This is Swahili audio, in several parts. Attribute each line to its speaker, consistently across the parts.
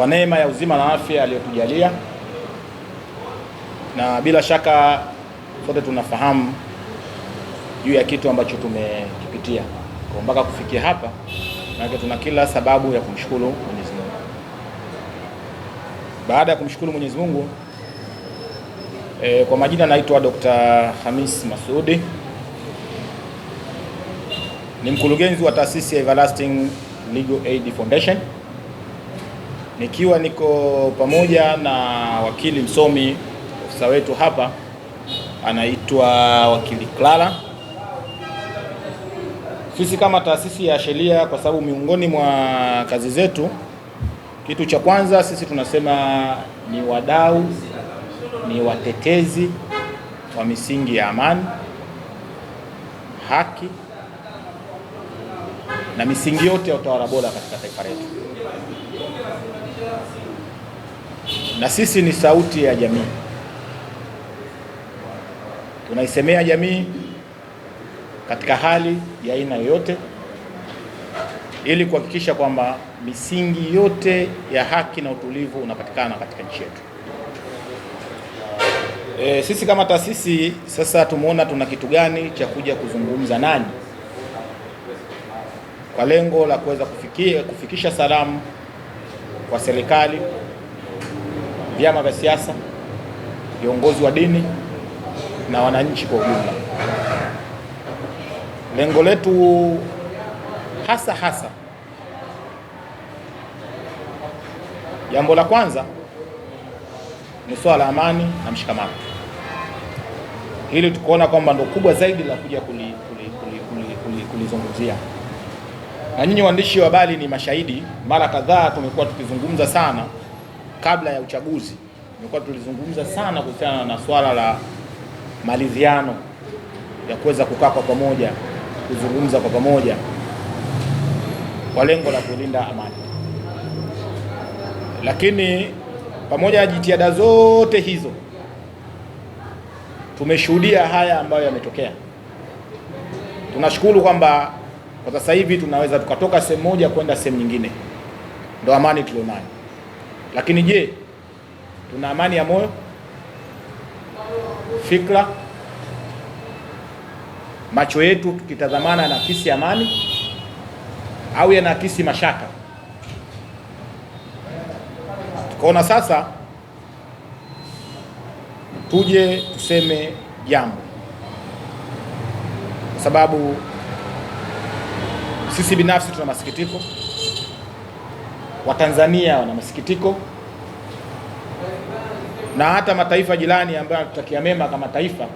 Speaker 1: kwa neema ya uzima na afya aliyotujalia, na bila shaka sote tunafahamu juu ya kitu ambacho tumekipitia kwa mpaka kufikia hapa, maana tuna kila sababu ya kumshukuru Mwenyezi Mungu. Baada ya kumshukuru Mwenyezi Mungu e, kwa majina naitwa Dr. Hamis Masudi, ni mkurugenzi wa taasisi ya Everlasting Legal Aid Foundation nikiwa niko pamoja na wakili msomi ofisa wetu hapa anaitwa wakili Clara. Sisi kama taasisi ya sheria, kwa sababu miongoni mwa kazi zetu, kitu cha kwanza sisi tunasema ni wadau, ni watetezi wa misingi ya amani, haki na misingi yote ya utawala bora katika taifa letu na sisi ni sauti ya jamii, tunaisemea jamii katika hali ya aina yoyote, ili kuhakikisha kwamba misingi yote ya haki na utulivu unapatikana katika nchi yetu. E, sisi kama taasisi sasa tumeona tuna kitu gani cha kuja kuzungumza nani kwa lengo la kuweza kufikia kufikisha salamu kwa serikali vyama vya siasa, viongozi wa dini na wananchi kwa ujumla. Lengo letu hasa hasa, jambo la kwanza ni swala la amani na mshikamano. Hili tukaona kwamba ndo kubwa zaidi la kuja kulizungumzia kuli, kuli, kuli, kuli na nyinyi waandishi wa habari ni mashahidi, mara kadhaa tumekuwa tukizungumza sana kabla ya uchaguzi nilikuwa tulizungumza sana kuhusiana na swala la maridhiano ya kuweza kukaa kwa pamoja, kuzungumza kwa pamoja kwa lengo la kulinda amani. Lakini pamoja na jitihada zote hizo, tumeshuhudia haya ambayo yametokea. Tunashukuru kwamba kwa sasa hivi tunaweza tukatoka sehemu moja kwenda sehemu nyingine, ndo amani tulionayo. Lakini je, tuna amani ya moyo, fikra, macho yetu tukitazamana na kisi amani au yanaakisi mashaka? Tukaona sasa tuje tuseme jambo, kwa sababu sisi binafsi tuna masikitiko Watanzania wana masikitiko na hata mataifa jirani ambayo tutakia mema kama taifa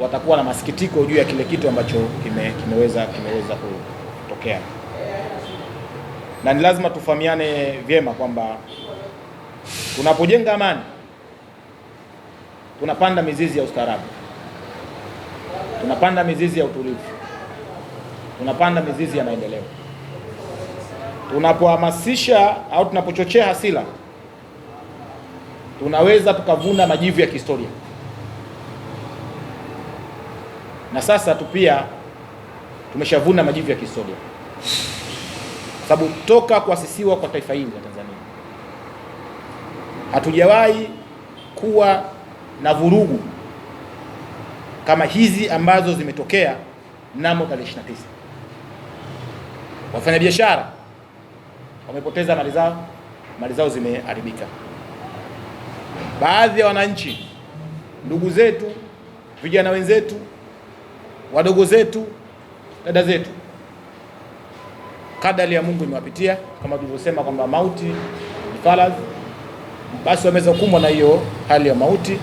Speaker 1: watakuwa na masikitiko juu ya kile kitu ambacho kime, kimeweza kimeweza kutokea, na ni lazima tufahamiane vyema kwamba tunapojenga amani tunapanda mizizi ya ustaarabu, tunapanda mizizi ya utulivu, tunapanda mizizi ya maendeleo tunapohamasisha au tunapochochea hasira tunaweza tukavuna majivu ya kihistoria. Na sasa tu pia tumeshavuna majivu ya kihistoria, sababu toka kuasisiwa kwa taifa hili la Tanzania hatujawahi kuwa na vurugu kama hizi ambazo zimetokea mnamo tarehe 29 wafanyabiashara wamepoteza mali zao, mali zao zimeharibika. Baadhi ya wananchi, ndugu zetu, vijana wenzetu, wadogo zetu, dada zetu, kadari ya Mungu imewapitia kama tulivyosema kwamba mauti ni basi wameweza kukumbwa na hiyo hali ya mauti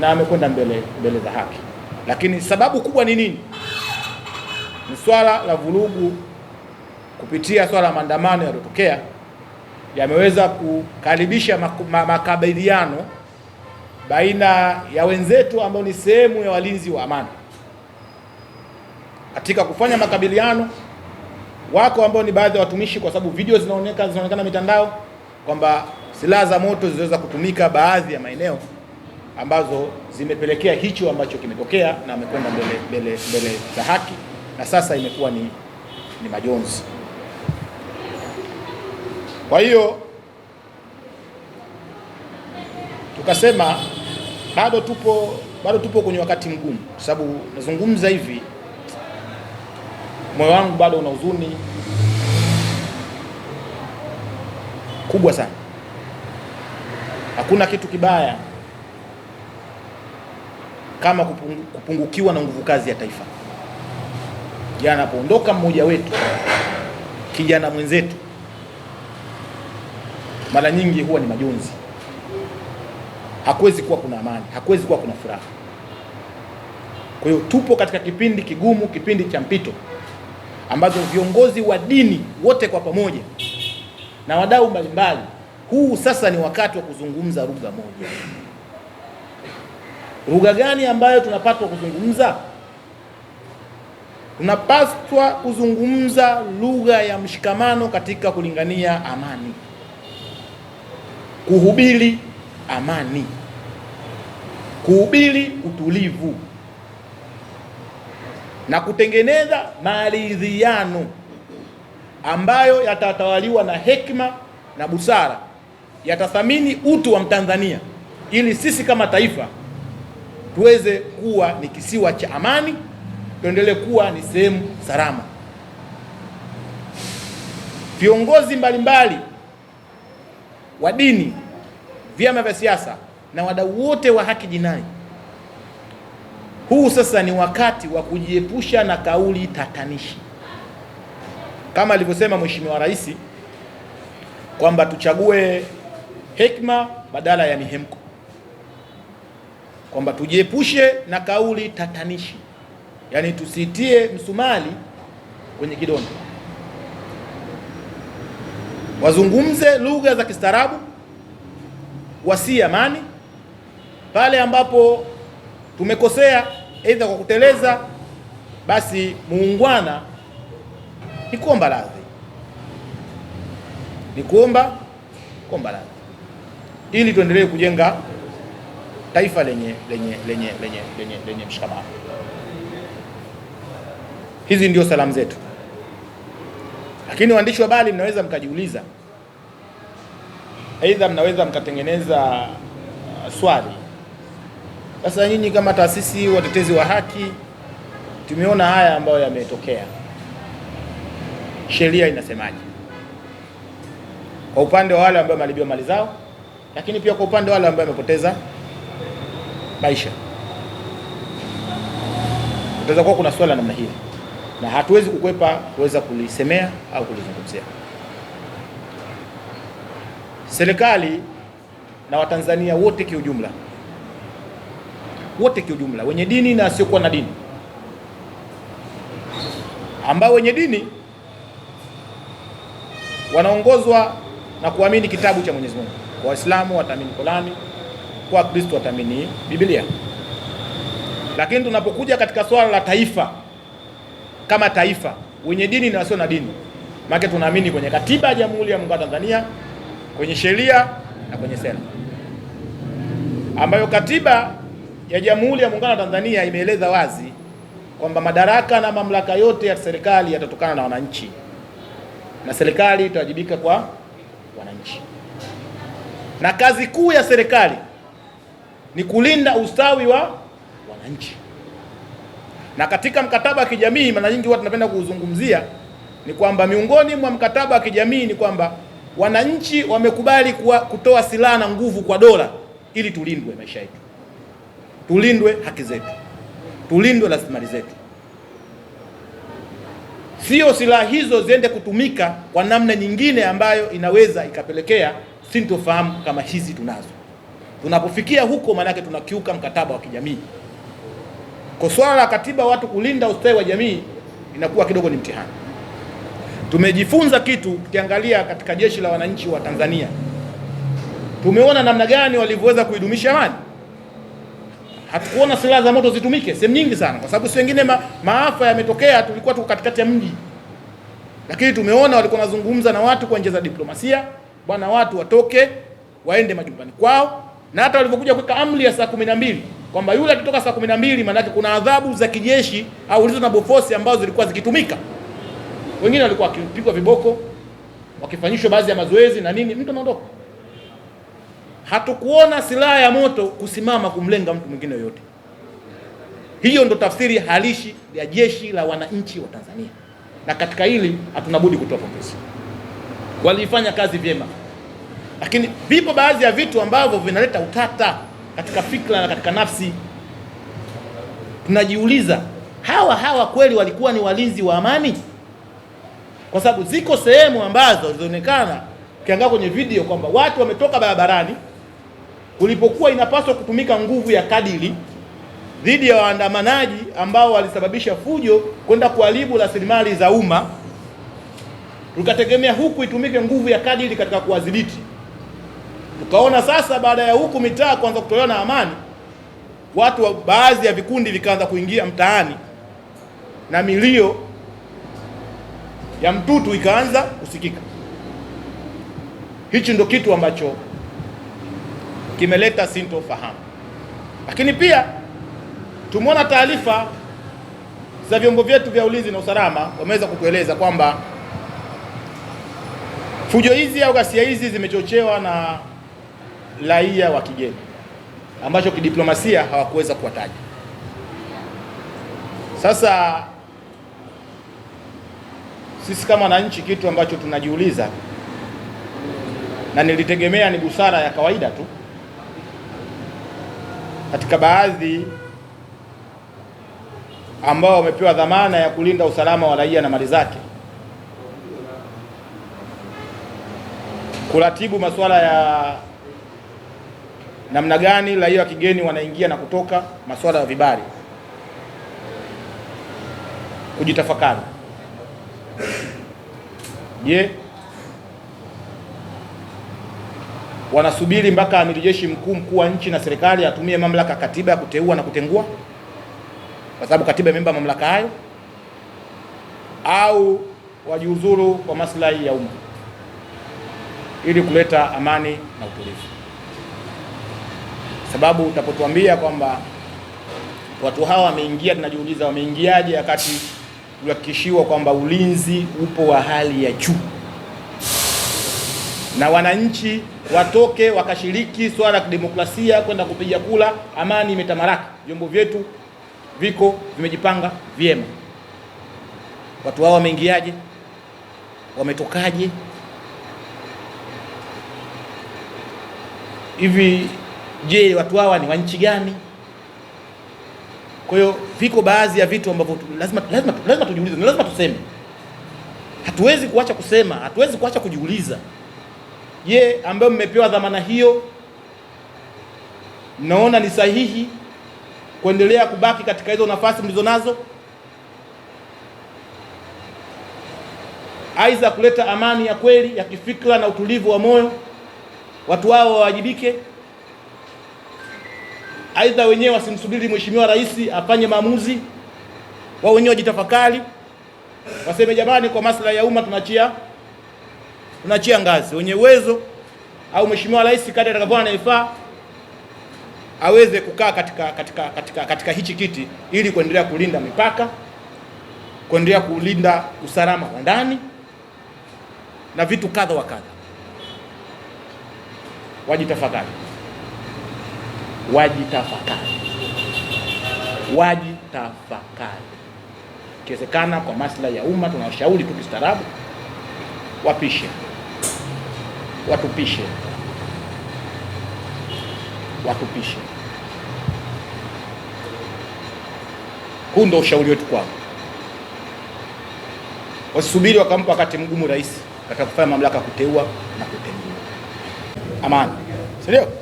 Speaker 1: na amekwenda mbele mbele za haki, lakini sababu kubwa ni nini? Ni swala la vurugu kupitia swala la maandamano yaliyotokea yameweza kukaribisha makabiliano baina ya wenzetu ambao ni sehemu ya walinzi wa amani. Katika kufanya makabiliano, wako ambao ni baadhi ya watumishi, kwa sababu video zinaonekana zinaonekana mitandao kwamba silaha za moto ziliweza kutumika baadhi ya maeneo ambazo zimepelekea hicho ambacho kimetokea, na amekwenda mbele mbele mbele za haki, na sasa imekuwa ni, ni majonzi. Kwa hiyo tukasema bado tupo bado tupo kwenye wakati mgumu, kwa sababu nazungumza hivi, moyo wangu bado una huzuni kubwa sana. Hakuna kitu kibaya kama kupungukiwa na nguvu kazi ya taifa. Jana anapoondoka mmoja wetu, kijana mwenzetu mara nyingi huwa ni majonzi, hakuwezi kuwa kuna amani, hakuwezi kuwa kuna furaha. Kwa hiyo tupo katika kipindi kigumu, kipindi cha mpito ambazo viongozi wa dini wote kwa pamoja na wadau mbalimbali, huu sasa ni wakati wa kuzungumza lugha moja. Lugha gani ambayo tunapaswa kuzungumza? Tunapaswa kuzungumza lugha ya mshikamano katika kulingania amani kuhubiri amani, kuhubiri utulivu na kutengeneza maridhiano ambayo yatatawaliwa na hekima na busara, yatathamini utu wa Mtanzania ili sisi kama taifa tuweze kuwa ni kisiwa cha amani, tuendelee kuwa ni sehemu salama. Viongozi mbalimbali wa dini, vyama vya siasa na wadau wote wa haki jinai. Huu sasa ni wakati wa kujiepusha na kauli tatanishi, kama alivyosema Mheshimiwa Rais kwamba tuchague hekima badala ya mihemko, kwamba tujiepushe na kauli tatanishi, yaani tusitie msumali kwenye kidonda wazungumze lugha za kistaarabu, wasi amani. Pale ambapo tumekosea, aidha kwa kuteleza, basi muungwana ni kuomba radhi, ni kuomba kuomba radhi, ili tuendelee kujenga taifa lenye lenye lenye lenye lenye mshikamano. Hizi ndio salamu zetu. Lakini waandishi wa habari mnaweza mkajiuliza, aidha mnaweza mkatengeneza uh, swali. Sasa nyinyi kama taasisi watetezi wa haki, tumeona haya ambayo yametokea, sheria inasemaje kwa upande wa wale ambao wameharibiwa mali zao, lakini pia kwa upande wa wale ambao wamepoteza maisha, utaweza kuwa kuna swali namna hiyo na hatuwezi kukwepa kuweza kulisemea au kulizungumzia. Serikali na Watanzania wote kiujumla, wote kiujumla, wenye dini na wasiokuwa na dini, ambao wenye dini wanaongozwa na kuamini kitabu cha Mwenyezi Mungu. Kwa Waislamu wataamini Qurani, kwa Kristo wataamini Biblia, lakini tunapokuja katika swala la taifa kama taifa, wenye dini na wasio na dini, maana tunaamini kwenye katiba ya Jamhuri ya Muungano wa Tanzania, kwenye sheria na kwenye sera, ambayo katiba ya Jamhuri ya Muungano wa Tanzania imeeleza wazi kwamba madaraka na mamlaka yote ya serikali yatatokana na wananchi na serikali itawajibika kwa wananchi, na kazi kuu ya serikali ni kulinda ustawi wa wananchi. Na katika mkataba wa kijamii mara nyingi watu tunapenda kuuzungumzia ni kwamba miongoni mwa mkataba wa kijamii ni kwamba wananchi wamekubali kutoa silaha na nguvu kwa dola ili tulindwe maisha yetu, tulindwe haki zetu, tulindwe rasilimali zetu, sio silaha hizo ziende kutumika kwa namna nyingine ambayo inaweza ikapelekea sintofahamu kama hizi tunazo. Tunapofikia huko, maanake tunakiuka mkataba wa kijamii. Kwa swala la katiba, watu kulinda ustawi wa jamii inakuwa kidogo ni mtihani. Tumejifunza kitu tukiangalia katika jeshi la wananchi wa Tanzania, tumeona namna gani walivyoweza kuidumisha amani. Hatukuona silaha za moto zitumike sehemu nyingi sana, kwa sababu si wengine ma, maafa yametokea, tulikuwa tuko katikati ya mji, lakini tumeona walikuwa wanazungumza na watu kwa njia za diplomasia, bwana, watu watoke waende majumbani kwao na hata walivyokuja kuweka amri ya saa kumi na mbili kwamba yule akitoka saa kumi na mbili maanake kuna adhabu za kijeshi au ulizo na bofosi ambazo zilikuwa zikitumika. Wengine walikuwa wakipigwa viboko, wakifanyishwa baadhi ya mazoezi na nini, mtu anaondoka. Hatukuona silaha ya moto kusimama kumlenga mtu mwingine yoyote. Hiyo ndo tafsiri halisi ya jeshi la wananchi wa Tanzania, na katika hili hatunabudi kutoa pongezi. Walifanya kazi vyema. Lakini vipo baadhi ya vitu ambavyo vinaleta utata katika fikra na katika nafsi. Tunajiuliza, hawa hawa kweli walikuwa ni walinzi wa amani? Kwa sababu ziko sehemu ambazo zilionekana, ukiangaa kwenye video kwamba watu wametoka barabarani kulipokuwa inapaswa kutumika nguvu ya kadiri dhidi ya waandamanaji ambao walisababisha fujo kwenda kuharibu rasilimali za umma, tukategemea huku itumike nguvu ya kadiri katika kuwadhibiti. Tukaona sasa baada ya huku mitaa kuanza kutolewa na amani, watu wa baadhi ya vikundi vikaanza kuingia mtaani na milio ya mtutu ikaanza kusikika. Hichi ndo kitu ambacho kimeleta sintofahamu, lakini pia tumeona taarifa za vyombo vyetu vya ulinzi na usalama wameweza kutueleza kwamba fujo hizi au ghasia hizi zimechochewa na raia wa kigeni ambacho kidiplomasia hawakuweza kuwataja. Sasa sisi kama wananchi, kitu ambacho tunajiuliza na nilitegemea ni busara ya kawaida tu katika baadhi ambao wamepewa dhamana ya kulinda usalama wa raia na mali zake, kuratibu masuala ya namna gani raia wa kigeni wanaingia na kutoka, masuala ya vibali, kujitafakari. Je, wanasubiri mpaka amiri jeshi mkuu mkuu wa nchi na serikali atumie mamlaka katiba ya kuteua na kutengua, kwa sababu katiba imempa mamlaka hayo, au wajiuzuru kwa maslahi ya umma ili kuleta amani na utulivu? sababu utapotuambia kwamba watu hawa wameingia, tunajiuliza wameingiaje, wakati tulihakikishiwa kwamba ulinzi upo wa hali ya juu na wananchi watoke wakashiriki swala la kidemokrasia kwenda kupiga kula. Amani imetamalaki, vyombo vyetu viko vimejipanga vyema. Watu hao wameingiaje? Wametokaje? hivi Je, watu hawa ni wa nchi gani? Kwa hiyo viko baadhi ya vitu ambavyo lazima, lazima, lazima tujiulize ni lazima tuseme. Hatuwezi kuacha kusema, hatuwezi kuacha kujiuliza. Je, ambayo mmepewa dhamana hiyo mnaona ni sahihi kuendelea kubaki katika hizo nafasi mlizo nazo aidha kuleta amani ya kweli ya kifikra na utulivu wa moyo, watu hao wawajibike. Aidha, wenyewe wasimsubiri mheshimiwa rais afanye maamuzi, wao wenyewe wajitafakari, waseme jamani, kwa maslahi ya umma tunachia tunachia ngazi wenye uwezo au mheshimiwa rais kadri atakavyoona naifaa aweze kukaa katika, katika, katika, katika hichi kiti ili kuendelea kulinda mipaka, kuendelea kulinda usalama wa ndani na vitu kadha wa kadha, wajitafakari wajitafakari, wajitafakari. Ikiwezekana kwa maslahi ya umma, tunawashauri tu kistaarabu, wapishe, watupishe, watupishe. Huu ndio ushauri wetu kwao. Wasisubiri wakampa wakati mgumu rais katika kufanya mamlaka kuteua na kutengua. Amani, si ndio?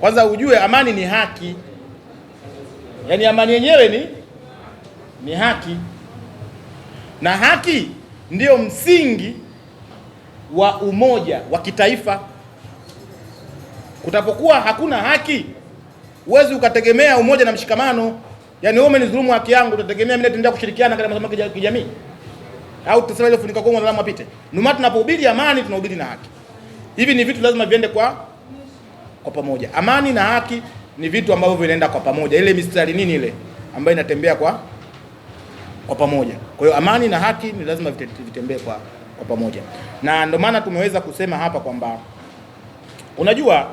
Speaker 1: Kwanza ujue amani ni haki, yaani amani yenyewe ni ni haki, na haki ndiyo msingi wa umoja wa kitaifa. Kutapokuwa hakuna haki, huwezi ukategemea umoja na mshikamano. Yaani wewe umenidhulumu haki yangu, utategemea mimi nitaendelea kushirikiana katika masuala ya kijamii au tutasema ile funika kwa mwanadamu apite? Ndio maana tunapohubiri amani tunahubiri na haki. Hivi ni vitu lazima viende kwa kwa pamoja. Amani na haki ni vitu ambavyo vinaenda kwa pamoja, ile mistari nini ile ambayo inatembea kwa kwa pamoja. Kwa hiyo amani na haki ni lazima vitembee kwa kwa pamoja, na ndio maana tumeweza kusema hapa kwamba unajua,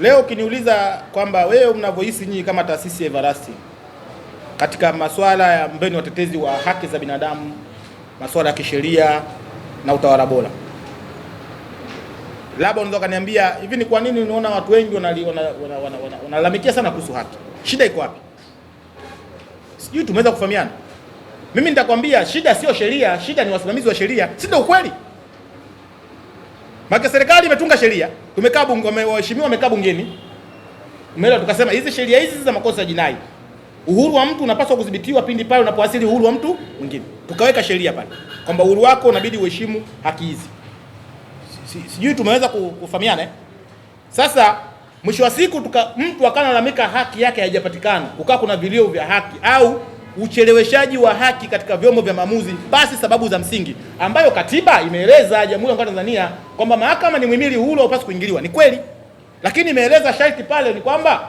Speaker 1: leo ukiniuliza kwamba wewe mnavyohisi nyinyi kama taasisi ya Everlasting katika masuala ya mbeni watetezi wa haki za binadamu, masuala ya kisheria na utawala bora labda unaweza kaniambia hivi, ni kwa nini unaona watu wengi wanalalamikia sana kuhusu haki? Shida iko wapi? Sijui tumeweza kufahamiana. Mimi nitakwambia shida sio sheria, shida ni wasimamizi wa sheria, si ndio ukweli? maka serikali imetunga sheria, tumekaa bunge, waheshimiwa wamekaa bungeni, umeelewa, tukasema hizi sheria hizi za makosa ya jinai, uhuru wa mtu unapaswa kudhibitiwa pindi pale unapoasili uhuru wa mtu mwingine. Tukaweka sheria pale kwamba uhuru wako unabidi uheshimu haki hizi sijui tumeweza kufahamiana eh? Sasa mwisho wa siku tuka, mtu akanalamika haki yake haijapatikana, kukaa kuna vilio vya haki au ucheleweshaji wa haki katika vyombo vya maamuzi basi sababu za msingi ambayo katiba imeeleza Jamhuri ya Muungano wa Tanzania kwamba mahakama ni muhimili huru, haupaswi kuingiliwa. Ni kweli, lakini imeeleza sharti pale ni kwamba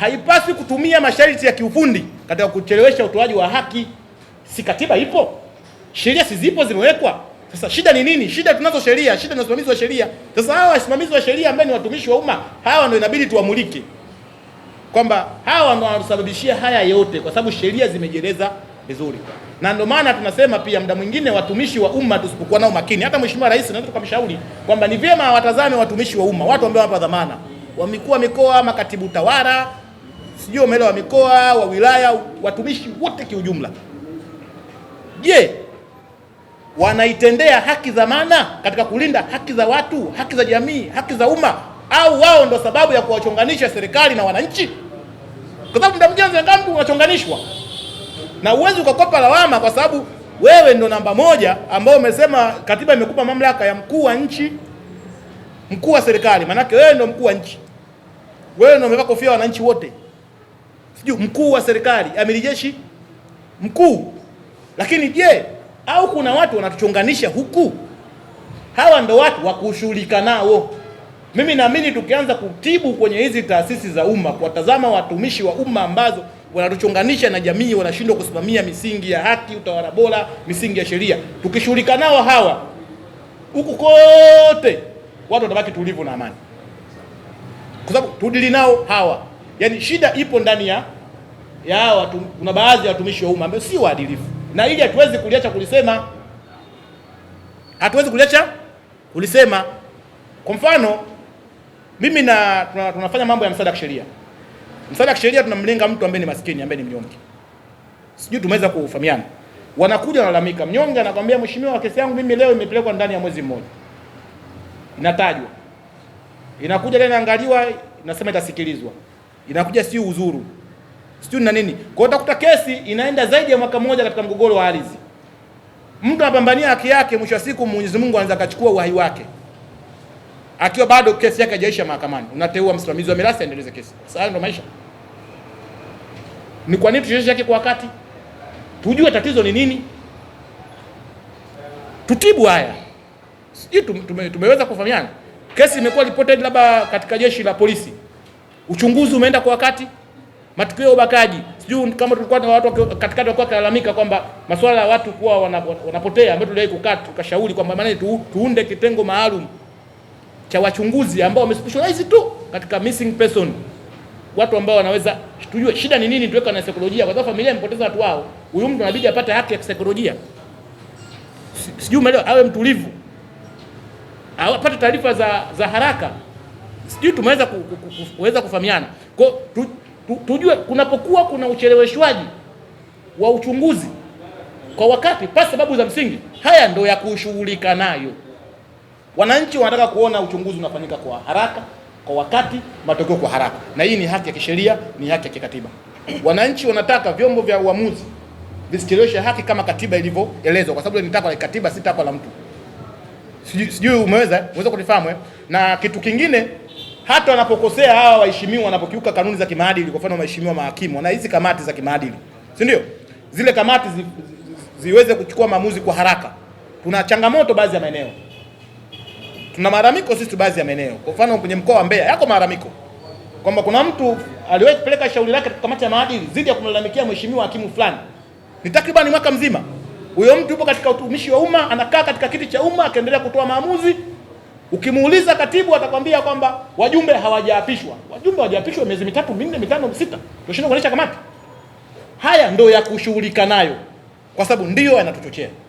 Speaker 1: haipaswi kutumia masharti ya kiufundi katika kuchelewesha utoaji wa haki. Si katiba ipo? Sheria si zipo zimewekwa? Sasa shida ni nini? Shida tunazo sheria, shida ni wasimamizi wa sheria. Sasa hawa wasimamizi wa sheria ambao ni watumishi wa umma, hawa ndio inabidi tuwamulike kwamba hawa ndio wanasababishia haya yote, kwa sababu sheria zimejieleza vizuri, na ndio maana tunasema pia muda mwingine watumishi wa umma tusipokuwa nao makini, hata Mheshimiwa Rais naweza tukamshauri kwamba ni vyema watazame watumishi wa umma, watu ambao hapa dhamana, wamekuwa mikoa, makatibu tawara, sijui umeelewa, mikoa wa wilaya, watumishi wote kiujumla. Je, yeah wanaitendea haki za maana katika kulinda haki za watu, haki za jamii, haki za umma, au wao ndo sababu ya kuwachonganisha serikali na wananchi? Kwa sababu muda mjenzi ngambu unachonganishwa na uwezi ukakopa lawama, kwa sababu wewe ndo namba moja ambao umesema katiba imekupa mamlaka ya mkuu wa nchi, mkuu wa serikali. Maanake wewe ndo mkuu wa nchi, wewe ndo umevaa kofia wananchi wote, sijui mkuu wa serikali, amiri jeshi mkuu. Lakini je au kuna watu wanatuchonganisha huku? Hawa ndo watu wa kushughulika nao. Mimi naamini tukianza kutibu kwenye hizi taasisi za umma, kuwatazama watumishi wa umma ambazo wanatuchonganisha na jamii, wanashindwa kusimamia misingi ya haki, utawala bora, misingi ya sheria, tukishughulika nao hawa huku kote, watu watabaki tulivu na amani, kwa sababu tudili nao hawa. Yaani shida ipo ndani ya hawa. Kuna baadhi ya watumishi wa umma ambao si waadilifu na hili hatuwezi kuliacha kulisema, hatuwezi kuliacha kulisema. Kwa mfano mimi na tunafanya mambo ya msaada wa kisheria. Msaada wa kisheria tunamlenga mtu ambaye ni maskini, ambaye ni mnyonge, sijui tumeweza kufahamiana. Wanakuja wanalalamika, mnyonge anakwambia, mheshimiwa, kesi yangu mimi leo imepelekwa ndani ya mwezi mmoja, inatajwa, inakuja tena, inaangaliwa, inasema itasikilizwa, inakuja si uzuru sijui na nini. Kwa hiyo utakuta kesi inaenda zaidi ya mwaka mmoja katika mgogoro wa ardhi, mtu anapambania haki yake, mwisho wa siku Mwenyezi Mungu anaweza akachukua uhai wake akiwa bado kesi yake haijaisha mahakamani, unateua msimamizi wa mirathi aendeleze kesi. Sasa ndo maisha. Ni kwa nini tusheshe yake kwa wakati, tujue tatizo ni nini, tutibu haya. Sijui tume, tumeweza kufahamiana. Kesi imekuwa reported labda katika jeshi la polisi, uchunguzi umeenda kwa wakati matukio ya ubakaji, sijui kama tulikuwa na watu katikati walikuwa kalalamika kwamba masuala ya watu kuwa wanapotea, ambayo tuliwahi kukaa tukashauri kwamba maana tu, tuunde kitengo maalum cha wachunguzi ambao wamespecialize tu katika missing person, watu ambao wanaweza tujue shida ni nini, tuweka na saikolojia, kwa sababu familia imepoteza watu wao, huyu mtu anabidi apate haki ya saikolojia, sijui umeelewa, awe mtulivu, apate taarifa za, za haraka, sijui tumeweza ku, ku, ku, kuweza kufahamiana kwa tu, tujue kunapokuwa kuna ucheleweshwaji wa uchunguzi kwa wakati pasi sababu za msingi, haya ndio ya kushughulika nayo. Wananchi wanataka kuona uchunguzi unafanyika kwa haraka, kwa wakati, matokeo kwa haraka, na hii ni haki ya kisheria, ni haki ya kikatiba. Wananchi wanataka vyombo vya uamuzi visicheleweshe haki kama katiba ilivyoelezwa, kwa sababu ni takwa la katiba, si takwa la mtu. Sijui umeweza umeweza kunifahamu. Eh? Na kitu kingine hata wanapokosea hawa waheshimiwa, wanapokiuka kanuni za kimaadili, kwa mfano waheshimiwa mahakimu na hizi kamati za kimaadili, si ndio? Zile kamati zi, zi, ziweze kuchukua maamuzi kwa haraka. Tuna changamoto baadhi ya maeneo, tuna malalamiko sisi baadhi ya maeneo, kwa mfano kwenye mkoa wa Mbeya yako malalamiko kwamba kuna mtu aliwahi kupeleka shauri lake katika kamati ya maadili dhidi ya kumlalamikia mheshimiwa hakimu fulani, ni takriban mwaka mzima. Huyo mtu yupo katika utumishi wa umma, anakaa katika kiti cha umma, akaendelea kutoa maamuzi Ukimuuliza katibu atakwambia kwamba wajumbe hawajaapishwa. Wajumbe hawajaapishwa miezi mitatu minne mitano sita, tunashindwa kuonesha kamati. Haya ndio ya kushughulika nayo, kwa sababu ndiyo yanatuchochea.